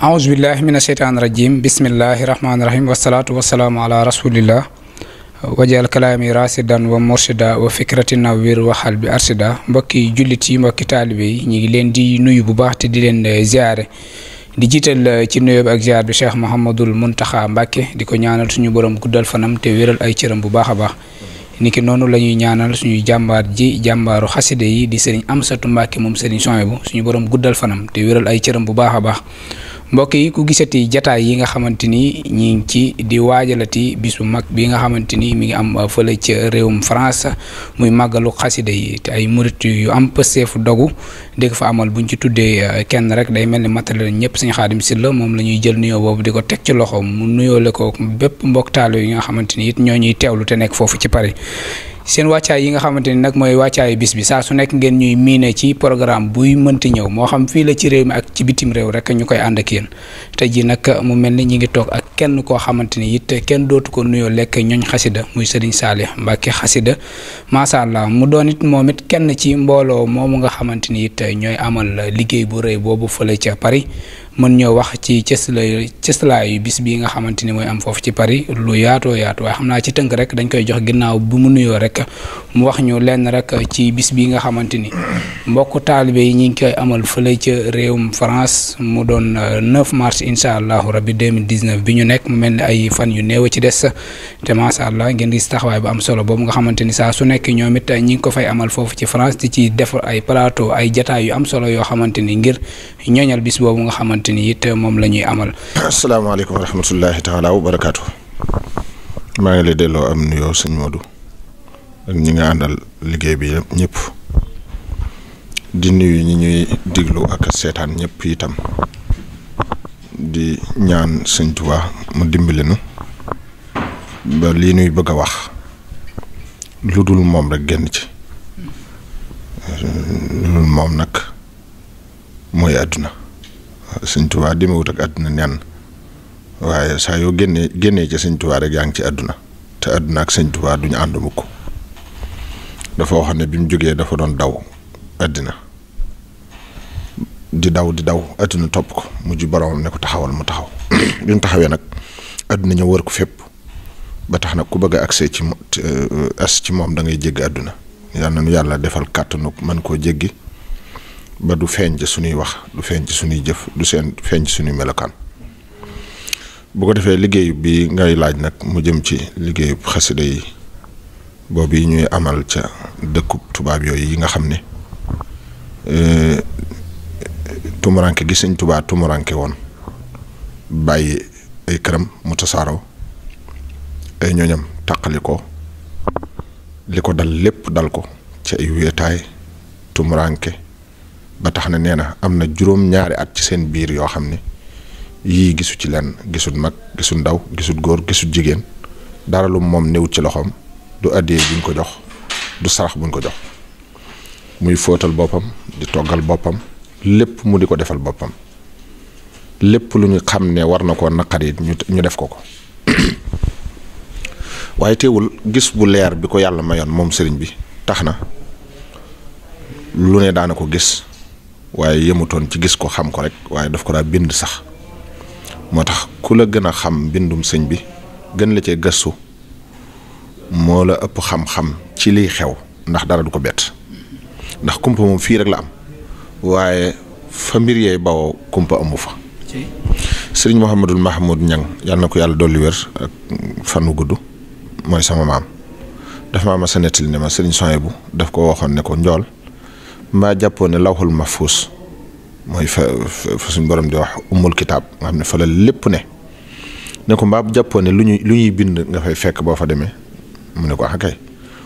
aousubillahi min asheytaan rajim bismillahi rahmaani rahim wasalaatu wasalaamu ala rasulillah wajal kalaami rasidan wa mursida wa fikrati nawwir wa xal bi arsida mbokki jullit yi mbokki taalibe yi ñu ngi leen di nuyu bu baax te di leen eh, ziare di jiital eh, ci nuyoo bi ak ziar bi cheikh Mouhamadul Mountakha Mbacke di ko ñaanal suñu borom guddal fanam te wéral ay cëram bu baax a baax niki noonu la ñuy ñaanal suñu jàmbaar ji jàmbaaru xaside yi di sëriñ Amsatu Mbacke moom sëriñ Sohaybu bu suñu borom guddal fanam te wéral ay cëram bu baax a baax mbokk yi ku gisati jataay yi nga xamante ni ñi ci di waajalati bisu mag bi nga xamante ni mi ngi am uh, fële ci réewum France muy màggalu xasida yi te ay murit yu am pëseefu dogu dégg fa amal bu buñ ci tuddee uh, kenn rek day mel ni matale ñëpp Sëñ Xaadim Sylla moom la ñuy jël nuyoo boobu di ko teg ci loxo mu nuyoole ko bépp mbokk taalo yi nga xamante ni it ñoo ñuy teewlu te nekk foofu ci Paris seen wàccaay yi nga xamante ni nag mooy wàccaayu bis bi saa su nekk ngeen ñuy miine ci programme buy mënti ñëw moo xam fii la ci réew mi ak ci bitim réew rek ñu koy ànd ak yéen tey jii nag mu mel ni ñu ngi toog ak kenn koo xamante ni it kenn dootu ko nuyoo lekk ñooñ xasida muy Serigne Saliou Mbacke xasida macha allah mu doon it moom it kenn ci mbooloo moomu nga xamante ni it ñooy amal liggéey bu rëy boobu fële ca Paris mën ñoo wax ci cëslay cëslaayu bis bi nga xamante ni mooy am foofu ci Paris lu yaatoo yaatu waaye xam naa ci tënk rek dañ koy jox ginnaaw bu mu nuyoo rek mu wax ñu lenn rek ci bis bi nga xamante ni mbokk taalibe yi ñu ngi koy amal fële ca réewum France mu doon 9 euh, mars incha allahu rabbi 2019 bi ñu nekk mu mel ni ay fan yu néew ci des te macha allah ngeen gis taxawaay bu am solo boobu nga xamante ni saa su nekk ñoom it ñi ko fay amal foofu ci France di ci def ay plateau ay jataay yu am solo yoo xamante ni ngir ñooñal bis boobu nga xamante ni te moom la ñuy amal. asalaamaaleykum wa rahmatullahi taala wa barakaatu. maa ngi la delloo am nuyoo sëñ Modou ak ñi nga àndal liggéey bi ñëpp di nuyu ñu ñuy diglu ak seetaan ñëpp itam di ñaan sëñ Tuubaa mu dimbali ba lii nuy bëgg a wax lu dul moom rek génn ci lu dul moom nag mooy àdduna sëñ Tuubaa demewut ak àdduna nenn waaye saa yoo génnee génnee ci sëñ Tuubaa rek yaa ngi ci àdduna te àdduna ak sëñ Tuubaa duñu ànd mukk dafa waxoon ne bi mu jógee dafa doon daw àddina di daw di daw àddina topp ko mujj boroomam ne ko taxawal mu taxaw bi mu taxawee nag àdduna ñëw wër ko fépp ba tax nag ku bëgg a accès euh, ci moom da ngay jégg àdduna yal na nu yàlla defal kàttanu mën koo jéggi ba du feeñ ci suñuy wax du feeñ ci suñuy jëf du seen feeñ ci suñuy melokaan bu ko defee liggéey bi ngay laaj nag mu jëm ci liggéeyu xasida yi boobu yi ñuy amal ca dëkku tubaab yooyu yi nga xam ne e, tumuranke gi sëñ tubaa tumuranke woon bàyyi ay këram mu tasaaroo ay e ñooñam taqali ko li ko dal lépp dal ko ci ay wéetaay tumuranke ba tax na nee na am na juróom-ñaari at ci seen biir yoo xam ne yii gisu ci lenn gisul mag gisul ndaw gisul góor gisul jigéen dara lu moom néew ci loxoom du addee buñ ko jox du sarax buñ ko jox muy fóotal boppam di toggal boppam lépp mu di ko defal boppam lépp lu ñu xam ne war na koo naqar yi ñu def ko ko waaye teewul gis bu leer bi ko yàlla mayoon moom sëriñ bi tax na lu ne daana ko gis waaye yemutoon ci gis ko xam ko rek waaye daf ko daa bind sax moo tax ku la gën a xam bindum sëñ bi gën la cee gëstu moo la ëpp xam-xam ci liy xew ndax dara du ko bett ndax kumpa moom fii rek la am waaye fa mbir yeey bawoo kumpa amu fa sëriñ Mouhamadul Mahmoud Ñang yàlla na ko yàlla dolli wér ak fanu gudd mooy sama maam dafa ma mas a nettali ne ma sëriñ Soye bu daf ko waxoon ne ko njool mbaa jàppoo ne ma mahfuus mooy fa fa suñ borom di wax ummul kitaab nga xam ne fa la lépp ne ne ko mbaa jàppoo ne lu ñuy lu ñuy bind nga fay fekk boo fa demee mu ne ko ah kay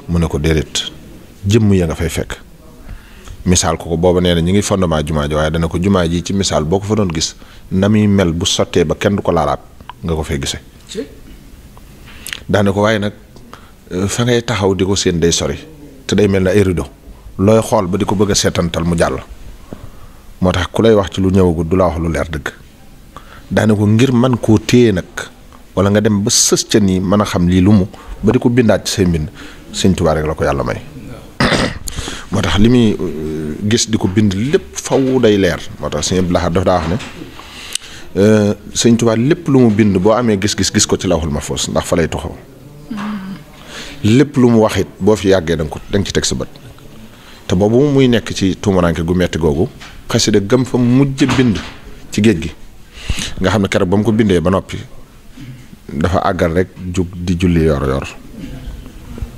mu ne ko déedéet jëmm ya nga fay fekk misaal ko ko nee na ñu ngi fondement jumaa ji waaye dana ko jumaa ji ci misaal boo ko fa doon gis na muy mel bu sottee ba kenn du ko laalaat nga ko fay gise daane ko waaye nag fa ngay taxaw di ko seen day sori te day mel na ay looy xool ba di ko bëgg a seetantal mu jàll moo tax ku lay wax ci lu ñëwagul du la wax lu leer dëgg daane ko ngir man koo téye nag wala nga dem ba sës ca nii mën a xam lii lu mu ba ko bindaat ci say mbind sëñ Tuubaa ko yàlla may moo tax li muy euh, gis di ko bind lépp faw day leer moo tax sëñ Abdul Ahad wax ne euh, sëñ Tuubaa lépp lu mu bind boo amee gis-gis gis ko ci lawhul mahfuus ndax fa lay toxoo mm-hmm. lépp lu mu wax it boo fi yàggee da ko danga ci teg sa bët te boobu muy nekk ci tuumuranke gu metti googu xasida gëm fa mujj bind ci géej gi nga xam ne keroog ba mu ko bindee ba noppi dafa àggal rek di julli yor yor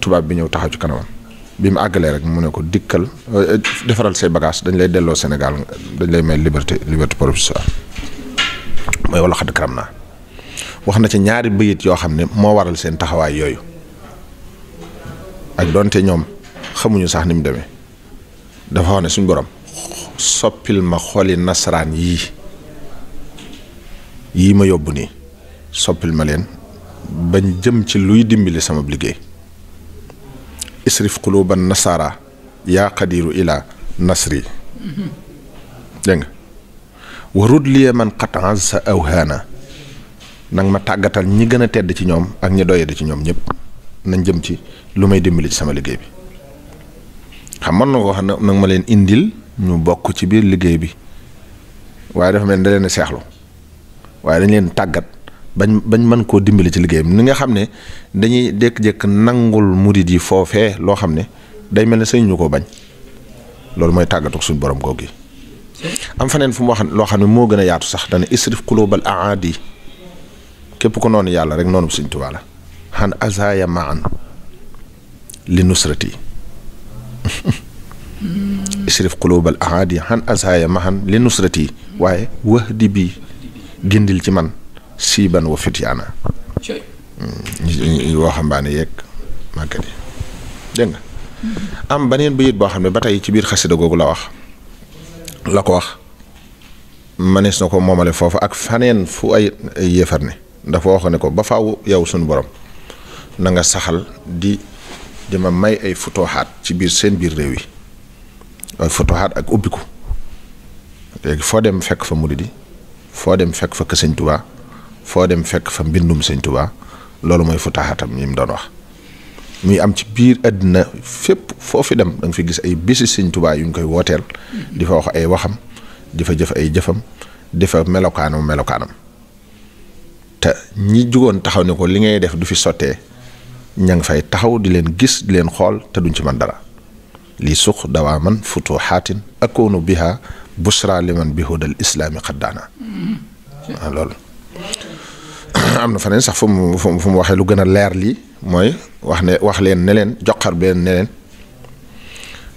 tubaab bi ñëw taxaw ci kanamam bi mu àggalee rek mu ne ko dikkal eh, defaral say bagage dañ lay delloo Sénégal dañ lay may liberté liberté provisoire mooy wala xadd karam naa wax na ci ñaari bëyit yoo xam ne moo waral seen taxawaay yooyu ak doonte ñoom xamuñu sax ni mu demee dafa wax ne suñ borom soppil ma xoli nasaraan yii yii ma yóbbu nii soppil ma leen bañ jëm ci luy dimbali sama liggéey isrif quluban nasara yaa qadiru ila nasri dégg nga warut liye man xatan sa awhaana nag ma tàggatal ñi gën a tedd ci ñoom ak ñi doyadi ci ñoom ñëpp nañ jëm ci lu may dimbali ci sama liggéey bi xam man na ko wax na nag ma leen indil ñu bokk ci biir liggéey bi waaye dafa mel ni da leen seexlu waaye dañ leen tàggat bañ bañ mën koo dimbali ci liggéey bi ni nga xam ne dañuy jékk-jékk nangul murid yi foofe loo xam ne day mel ne sëñ ñu ko bañ loolu mooy tàggatuk suñ borom koo gi am faneen fu mu wax loo xam ne moo gën a yaatu sax dana isrif kulubal aadi képp ko noonu yàlla rek noonu Sëñ Tuubaa la xan azaya maan li nusrati isrif qulubal ahadi han azhaya mahan li nusrati waaye wahdi bi gindil ci man ban wa fityaana waxambaane mm, yeeg màggat yi dégg nga am boo xam ne ba tey ci biir xasida googu la wax la ko wax manees na ko moomale foofa ak faneen fu ay yéefar ne dafa wax ne ko ba faw yow sunu boroom nanga saxal di di ma may ay futuhaat ci biir seen biir réew yi ay futuhaat ak ubbiku léegi foo dem fekk fa muridi foo dem fekk fa kër sëñ foo dem fekk fa mbindum sëñ Tuubaa loolu mooy futuhaatam ñi mu doon wax muy am ci biir àddina fépp foo fi dem da fi gis ay bisi sëñ Tuubaa yu ñu koy wooteel di fa wax ay waxam di fa jëf ay jëfam di fa melokaanam melokaanam te ñi jugoon taxaw ne ko li ngay def du fi sottee ña ngi fay taxaw di leen gis di leen xool te duñ ci man dara lii suq dawaa man futuhaatin akoonu biha bushra liman bi hudal islaami xaddaana loolu am na feneen sax fu mu fu mu waxee lu gën a leer lii mooy wax ne wax leen ne leen joxar beneen ne leen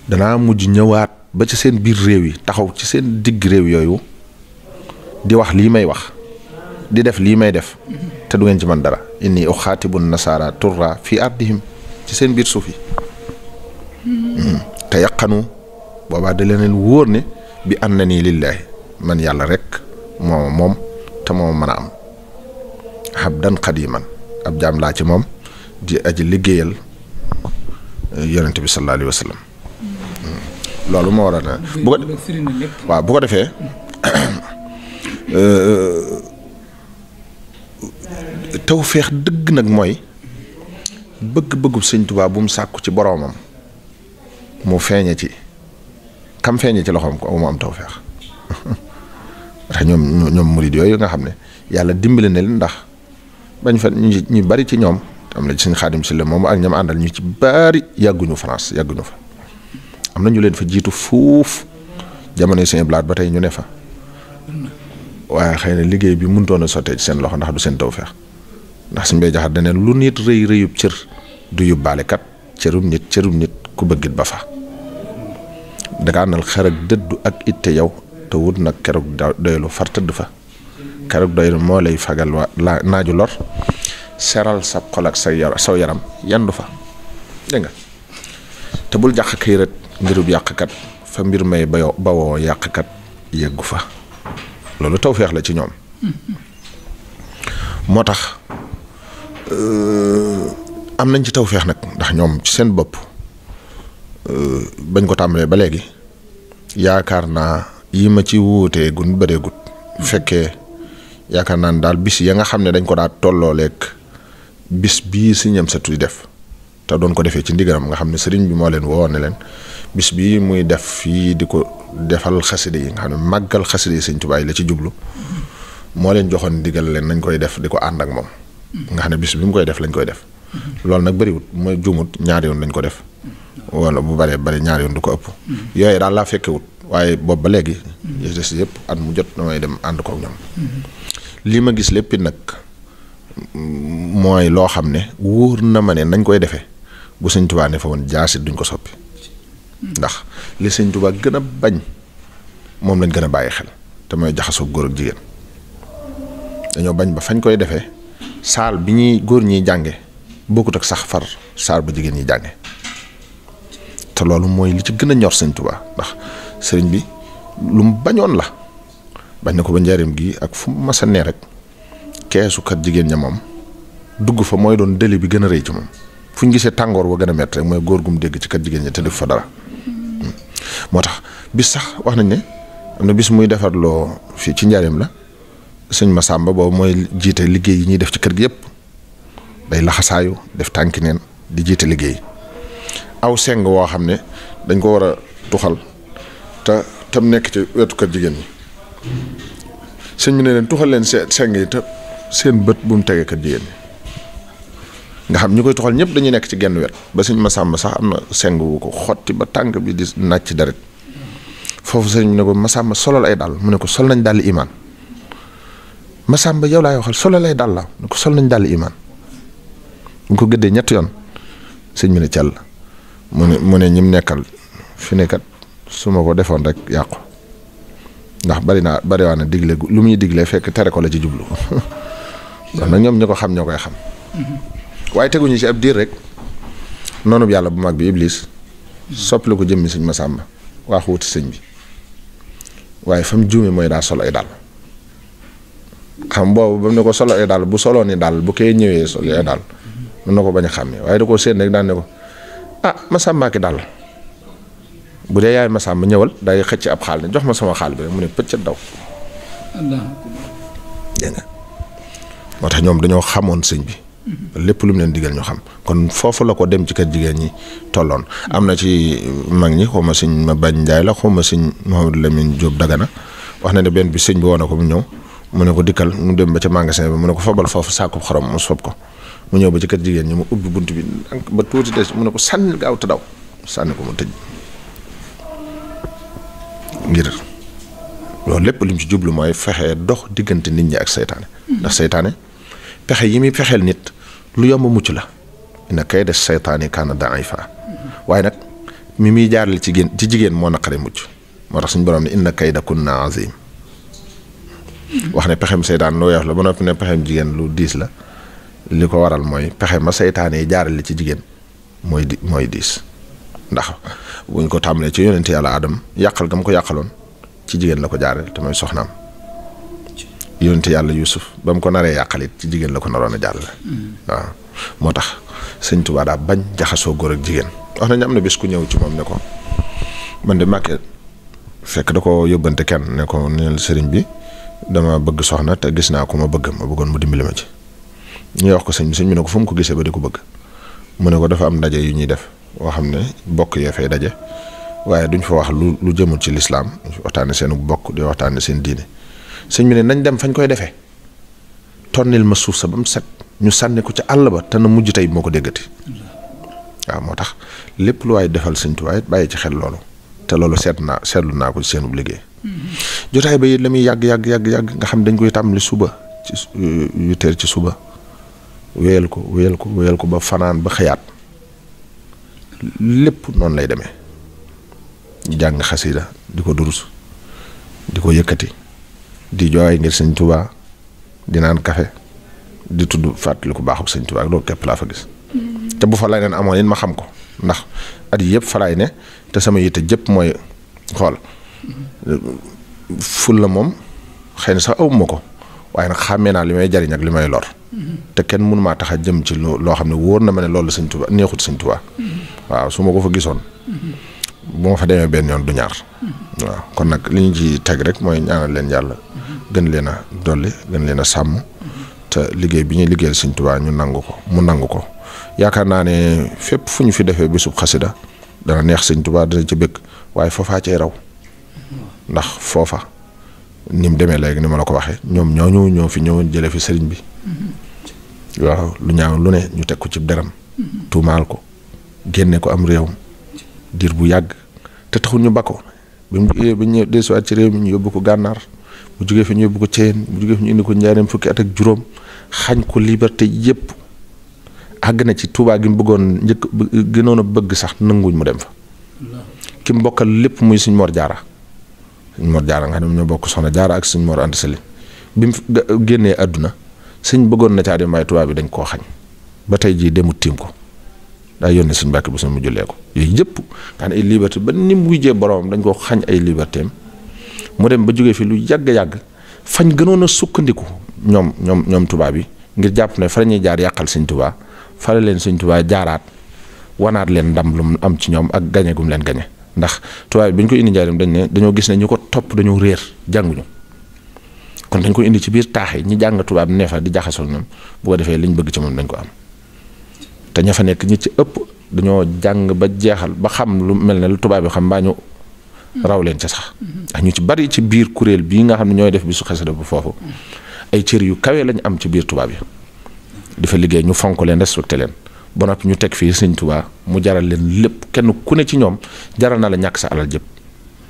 danaa mujj ñëwaat ba ci seen biir réew yi taxaw ci seen digg réew yooyu di wax lii may wax di def lii may def te du ci man dara inni uxaatibun nasaara turra fii ardihim ci seen biir suuf yi hmm. te yaqanu boobaa da ne bi an na nii lillaahi man yàlla rek mooma moom te mooma mën a am abdan xadiman ab jaam laa ci moom di aji liggéeyal eh, yonent bi sallallahu alayhi wa hmm. loolu moo waral bu ko waaw defee eh, tawféex dëgg nag mooy bëgg-bëggu sëñ Tuubaa bu mu sàkku ci boroomam mu feeñe ci kam feeñe ci loxoom ko mu am tawféex ndax ñoom ñoom murid yooyu nga xam ne yàlla dimbali na leen ndax bañ fa ñu ñu bari ci ñoom am na ci sëñ Xaadim si moom ak ñam àndal ñu ci bari yàgguñu France yàgguñu fa am na leen fa jiitu fuuf jamono seen blaat ba tey ñu ne fa waaye xëy na liggéey bi mënutoon a sottee ci seen loxo ndax du seen tawféex ndax suñu bay jaxat dane lu nit rëy rëyub cër du yóbbaale kat cërum nit cërum nit ku bëggit ba fa danga àndal xer ak dëddu ak itte yow te wut nag keroog doylu far tëdd fa keroog doylu moo lay fagal wa naaju lor seral sa xol ak sa saw yaram yandu fa dégg nga te bul jàq kay rët mbirub yàqkat fa mbir may bayo bawoo yàqkat yëggu fa loolu tawféex la ci ñoom hmm. moo tax Euh, am nañ ci taw feex nag ndax ñoom ci seen bopp euh, bañ ko tàmbalee ba léegi yaakaar naa yi ma ci wuutee gun bareegut bu fekkee yaakaar naa ne daal bis ya nga xam ne dañ ko daa tollooleeg bis bii si ñam sa tuy def te doon ko defee ci ndigalam nga xam ne sëriñ bi moo leen woo ne leen bis bii muy def fii di ko defal xaside yi nga xam ne màggal xaside yi sëñ Tuubaa la ci jublu moo leen joxoon ndigal leen nañ koy def di ko ànd ak moom nga xam ne bis bi mu koy def lañ koy def. loolu nag bëriwut mooy juumut ñaari yoon lañ ko def. wala bu bëree bëri ñaari yoon du ko ëpp. yooyu daal laa fekkewut waaye boobu ba léegi. yëpp at mu jot damay dem ànd kook ñoom. li ma gis lépp nag mooy loo xam ne wóor na ma ne nañ koy defe bu sëñ Tuubaa ne fa woon jaasit duñ ko soppi. ndax li sëñ Tuubaa gën a bañ moom lañ gën a bàyyi xel te mooy jaxasoo góor ak jigéen dañoo bañ ba fañ koy defee. saal bi ñuy góor ñiy jànge bokkut ak sax far saal ba jigéen ñi jànge te loolu mooy li ci gën a ñor sëñ Tuubaa ndax sëriñ bi lu mu bañoon la bañ na ko ba njaareem gi ak fu mu masa nee rek keesukat jigéen ña moom dugg fa mooy doon deli bi gën a rëy ci moom fu ñu gisee tàngoor wa gën a métti rek mooy góor gum dégg ci kat jigéen ña te def fa dara mm-hmm. moo tax bis sax wax nañ ne na bis muy defarloo fii ci njaareem la sëñ Masamba boobu mooy jiite liggéey yi ñuy def ci kër gi yëpp day laxasaayu def tànki neen di jiite liggéey aw seng woo xam ne dañ ko war a tuxal te tam nekk ci wetu kër jigéen ñi sëñ bi ne leen tuxal leen seen seng yi te seen bët bu mu tegee kër jigéen ñi nga xam ñu koy tuxal ñëpp dañuy nekk ci genn wet ba sëñ Masamba sax am na seng wu ko xotti ba tànk bi di nàcc deret foofu sëñ bi ne ko Masamba solal ay dàll mu ne ko sol nañ dàll imaan Masamba yow laay waxal solo lay dàll la ko sol nañ dàll imaan bu ko gëddee ñetti yoon sëñ bi ne càll mu ne mu ñim nekkal fi nekkat su ma ko defoon rek yàqu ndax bari naa bari waa na digle lu muy digle fekk tere ko la ci jublu kon nag ñoom ñi ko xam ñoo koy xam mm-hmm. waaye teguñu ci ab diir rek noonu yàlla bu mag bi Iblis soppali ko jëmmi sëñ Masamba waaxu wuti sëñ bi waaye fa mu juume mooy daa sol ay dàll xam boobu ba mu ne ko solo ay daal bu soloo ni daal bu koy ñëwee sol ay daal mun na ko bañ a xàmmee waaye da koo séen rek daan ne ko ah Masamba ki daal bu dee yaay Masamba ñëwal day xëcc ab xaal ne jox ma sama xaal bi rek mu ne pëcc daw. dégg nga ñoom dañoo xamoon sëñ bi. lépp lu leen digal ñu xam kon foofu la ko dem ci kër jigéen ñi tolloon am na ci mag ñi xaw ma sëñ ma bañ Njaay la xaw ma sëñ Mouhamadou Lamine Diop Dagana wax na ne benn bi sëñ bi woo na ko mu ñëw. mu ne ko dikkal mu dem ba ca magasin bi mu ne ko fabal foofu saakub xorom mu sob ko mu ñëw ba jëkkër jigéen ñi mu ubbi bunt bi ba tuuti des mu ne ko sànni gaaw te daw sànni ko mu tëj ngir loolu lépp lim ci jublu mooy fexe dox diggante nit ñi ak seytaane ndax seytaane pexe yi muy fexeel nit lu yomb mucc la na kay des seytaane ay daifa waaye nag mi muy jaar jaarale ci génn ci jigéen moo naqare mucc moo tax suñu borom ne inna kayda kunna azim wax ne pexem seytaan lu woyof la ba noppi ne pexem jigéen lu diis la li ko waral mooy pexe ma seytaan jaaral jaarale ci jigéen mooy di mooy diis ndax buñ ko tàmbalee ci yonente yàlla adam yàqal gam ko yàqaloon ci jigéen la ko jaarale te mooy soxnaam yonente yàlla yusuf ba mu ko naree yàqal ci jigéen la ko naroon a jaarale mm. waaw moo tax sëñ Tuubaa daa bañ jaxasoo góor ak jigéen wax nañu am na bés ku ñëw ci moom ne ko man di màkke fekk da ko yóbbante kenn ne ko neel sëriñ bi dama bëgg soxna te gis naa ko ma bëgg ma bëggoon mu dimbali ma ci ñu wax ko sëñ bi sëñ bi ne ko fu mu ko gisee ba di ko bëgg mu ne ko dafa am ndaje yu ñuy def boo xam ne bokk yee fay daje waaye duñ fa wax lu lu jëmul ci lislaam waxtaane seen bokk di waxtaane seen diine sëñ bi ne nañ dem fañ koy defee tonnil ma suuf sa ba mu set ñu sànni ko ci àll ba te na mujj tey moo ko déggati waaw moo tax lépp lu waay defal sëñ Tuubaa bàyyi ci xel loolu te loolu seet naa seetlu naa ko ci liggéey jotaay ba it la muy yàgg yàgg yàgg yàgg nga xam dañ koy tàmbali suba ci euh, ci suba wéyal ko wéyal ko wéyal ko ba fanaan ba xëyaat lépp noonu lay demee ñu jàng xasida di ko durus di ko yëkkati di jooy ngir sëñ tubaa di naan kafe di tudd fàttali ko baaxu sëñ tubaa loolu képp laa fa gis te bu fa lay neen amoon it ma xam ko ndax at yii yëpp fa ne te sama yitte jëpp mooy xool ful la moom xëy na sax awuma ko waaye nag xàmmee naa li may jariñ ak li may lor. te kenn mënu maa tax a jëm ci loo xam ne wóor na ma ne loolu sëñ Tuubaa neexut sëñ Tuubaa. waaw su ma ko fa gisoon. bu ma fa demee benn yoon du ñaar. waaw kon nag li ñu ci teg rek mooy ñaanal leen yàlla. gën leen a dolli gën leen a sàmm. te liggéey bi ñuy liggéeyal sëñ Tuubaa ñu nangu ko mu nangu ko yaakaar naa ne fépp fu ñu fi defee bésub xasida dana neex sëñ Tuubaa dana ci bëgg waaye foofaa cay raw. ndax foofa ni mu demee léegi ni ma la ko waxee ñoom ñooñu ñoo fi ñëwoon jële fi sëriñ bi mm-hmm. waaw lu ñaaw lu ne ñu teg ko ci deram mm-hmm. tuumaal ko génne ko am réew diir bu yàgg te ñu ba ko bi mu bi ñu mi ñu yóbbu ko gànnaar mu jógee fi ñu yóbbu ko Ceyeen mu jógee fi ñu indi ko njaareem fukki at ak juróom xañ ko liberté yépp àgg na ci Tuubaa gi mu bëggoon njëkk gënoon a bëgg sax nanguñ mu dem fa ki mbokkal lépp muy suñ Mor Jaara sëñ Jaara nga xam ne ñoo bokk soxna Jaara ak sëñ Mor Anta Sali bi mu génnee àdduna sëñ bëggoon na caa dem waaye tubaab bi dañ koo xañ ba tey jii demut tiim ko daa yónnee sëñ bi Buso mu jullee ko yooyu yëpp nga xam ne ay liberté ni mu wujjee boromam dañ koo xañ ay liberté am dem ba jógee fii lu yàgg-yàgg fañ gënoon a sukkandiku ñoom ñoom tubaab yi ngir jàpp ne fa la ñuy jaar yàqal sëñ Tuubaa fa leen sëñ Tuubaa jaaraat wanaat leen ndam lu mu am ci ñoom ak gañe gum leen gañe ndax tubaab bi ñu ko indi njaarim dañ ne dañoo gis ne ñu ko topp dañoo réer jànguñu kon dañ ko indi ci biir taax yi ñi jàng tubaab neefa di jaxasoo ñoom bu defee liñ bëgg ci moom dañ ko am te fa nekk ñi ci ëpp dañoo jàng ba jeexal ba xam lu mel ne lu tubaab yi xam mbaa raw leen ca sax ak ñu ci bari ci biir kuréel bii nga xam ne ñooy def bi su xasida bu foofu ay cër yu kawe lañ am ci biir tubaab yi dafa liggéey ñu fonk leen respecté leen ba noppi ñu teg fii sëñ Tuubaa mu jaral leen lépp kenn ku ne ci ñoom jaral na la ñàkk sa alal jëpp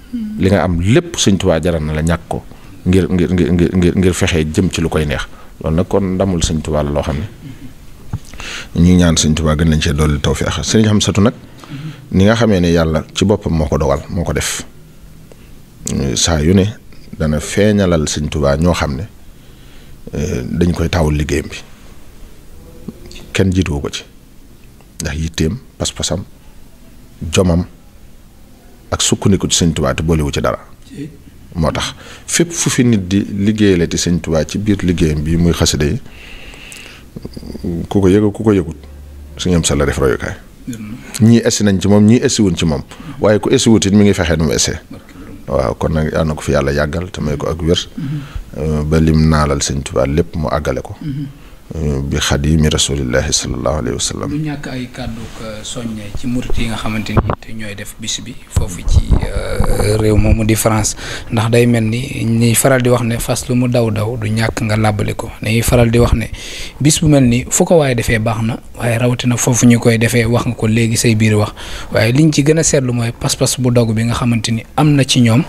hmm. li nga am lépp sëñ Tuubaa jaral na la ñàkk ko ngir ngir ngir ngir ngir fexe jëm ci lu koy neex loolu nag ko ndamul sëñ Tuubaa la loo xam ne ñu ñaan sëñ Tuubaa gën lañ cee dolli tawfeex sëñ Hamsatu nag hmm. ni nga xamee ne yàlla ci boppam moo ko dogal moo ko def saa yu ne dana feeñalal sëñ Tuubaa ñoo xam ne eh, dañ koy taawul liggéeyam bi kenn jiituwu ko ci ndax yitteem pas-pasam jomam ak sukkandiku ci sëñ tubaa te boolewu ci dara moo tax fépp fu fi nit di liggéeyale ci sëñ tubaa ci biir liggéeyam bi muy xasida yi ku ko yëg ku ko yëgut su ñoom sa la def royukaay ñii essi nañ ci moom ñii essi wuñ ci moom waaye ku essi wut it mi ngi fexee nu mu essee waaw kon nag yal na ko fi yàlla yàggal te may ko ak wér mm-hmm. ba lim naalal sëñ tubaa lépp mu àggale ko mm-hmm. bi xadimi rasulillahi sallallahu alayhi wa sallam. ñu ñàkk ay kàddu soññe ci murit yi nga xamante ni te ñooy def bis bi foofu ci euh, réew moom mu di France ndax day mel ni ñuy faral di wax ne fas lu mu daw daw du ñàkk nga làbbali ko dañuy faral di wax ne bis bu mel ni fu ko waaye defee baax na waaye rawatina foofu ñu koy defee wax nga ko léegi say biir wax waaye liñ ci gën a seetlu mooy pas-pas bu dog bi nga xamante ni am na ci ñoom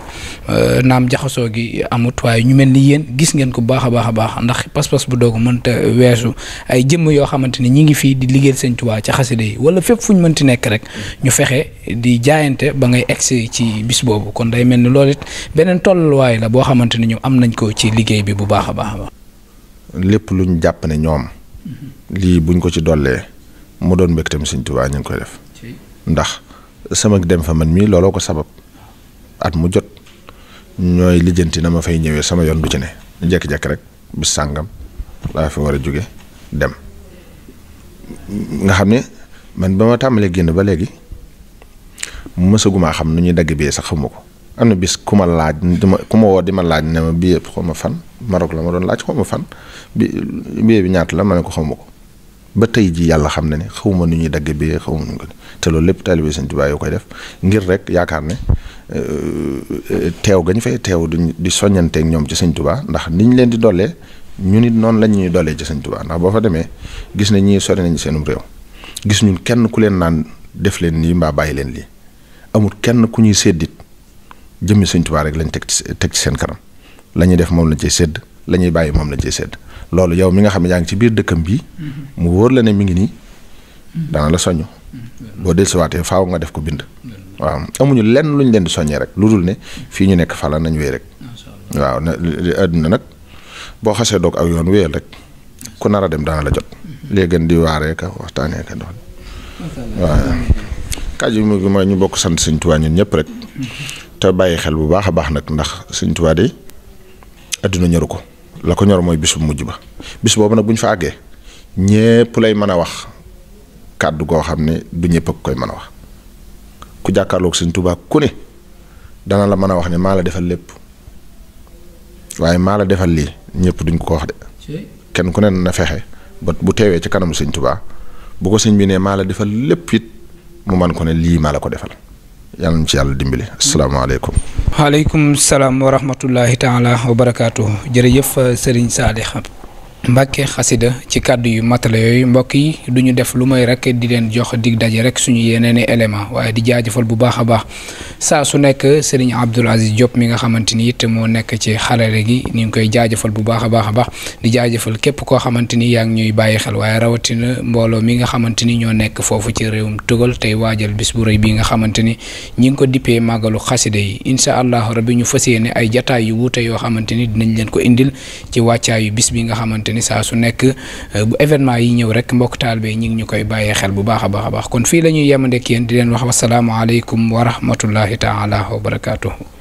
euh, naam jaxasoo gi amut ñu mel ni yéen gis ngeen ko baax a baax a baax weesu ay jëmm yoo xamante ni ñi ngi fii di liggéey sëñ Tuubaa ci xasida yi wala fépp fu ñu mënti nekk rek ñu fexe di jaayante ba ngay egsi ci bis boobu kon day mel ni lool it beneen tolluwaay la boo xamante ni ñoom am nañ ko ci liggéey bi bu baax a baax a lépp luñ jàpp ne ñoom lii buñ ko ci dollee mu doon mbégtam sëñ Tuubaa ñu ngi koy def ndax sama dem fa man mii looloo ko sabab at mu jot ñooy lijjanti na ma fay ñëwee sama yoon du ci ne jekki-jekki rek laa fi war a jóge dem nga xam ne man ba ma tàmbalee génn ba léegi mësagumaa xam nu ñuy dagg bee sax xaw ma ko am na bis ku ma laaj dima ku ma woo di ma laaj ne ma billet xaw ma fan Maroc la ma doon laaj xaw ma fan bi billet bi ñaata la ma ne ko xaw ma ko ba tey ji yàlla xam na ne xaw ma nu ñuy dagg billet xaw ma nu ko te loolu lépp taalibe Sëñ Tuubaa yoo koy def ngir rek yaakaar ne euh, euh, teew gañ fay teew di soññanteeg ñoom ci Sëñ Tuubaa ndax niñ leen di dollee ñu it noonu lañ ñuy doolee ci sëñ Tuubaa ndax boo fa demee gis nañ ñii sori nañ seenum réew gis ñu kenn ku leen naan def leen lii mbaa bàyyi leen lii amut kenn ku ñuy séddit jëmmi sëñ Tuubaa rek lañ teg ci teg ci seen kanam la ñuy def moom lañ ciy sédd la ñuy bàyyi moom lañ ciy sédd loolu yow mi nga xam ne yaa ngi ci biir dëkkam bii mu wóor la ne mi ngi nii dana la soññ boo dellusiwaatee faw nga def ko bind waaw amuñu lenn luñ leen di soññee rek lu dul ne fii ñu nekk fala nañ wéy rek waaw na nag boo xasee doog ak yoon wéyal rek ku nar a dem dana la jot. Mm-hmm. léegi gën di waaree ka waxtaanee ka doon. Mm-hmm. waaw kàddu gi ñu bokk sant Sëñ Tuubaa ñun ñëpp rek. Mm-hmm. te bàyyi xel bu baax a baax nag ndax Sëñ Tuubaa de adduna ñoru ko. la ko ñor mooy bisu mujj ba bis boobu nag bu ñu fa àggee ñépp lay mën a wax kàddu goo xam ne du ñëpp ak koy mën a wax ku jàkkaarloog Sëñ tubaab ku ne dana la mën a wax ne maa la defal lépp waaye maa la defal lii. ñëpp duñ ko wax de kenn ku ne na fexe ba bu teewee ci kanamu sëñ tubaa bu ko sëñ bi ne maa la defal lépp it mu man ko ne lii maa la ko defal yàlla na ci yàlla dimbali asalaamaaleykum. waaleykum salaam wa rahmatullahi taala wa barakaatu jërëjëf Serigne Saliou Mbàkke xasida ci kàddu yu matala yooyu mbokk yi du ñu def lu may rek di leen jox dig daje rek suñu yeneeni élément waaye di jaajëfal bu baax a baax saa su nekk Serigne Abdoul Aziz Diop mi nga xamante ni it moo nekk ci xarale gi ñu ngi koy jaajëfal bu baax a baax a baax di jaajëfal képp koo xamante ni yaa ngi ñuy bàyyi xel waaye rawatina mbooloo mi nga xamante ni ñoo nekk foofu ci réewum tugal tey waajal bis bu rëy bii nga xamante ni ñi ngi ko dippee màggalu xasida yi incha allahu rabbi ñu fas yéene ay jataay yu wuute yoo xamante ni dinañ leen ko indil ci wàccaayu bis bi xamante ni saa su nekk euh, bu événement yi ñëw rek mbokk taalibe ñi ngi ñu koy bàyyee xel bu baax a baax a baax kon fii la ñuy yemandek yéen di leen wax wasalaamualeykum wa rahmatullahi taala wa barakaatuhu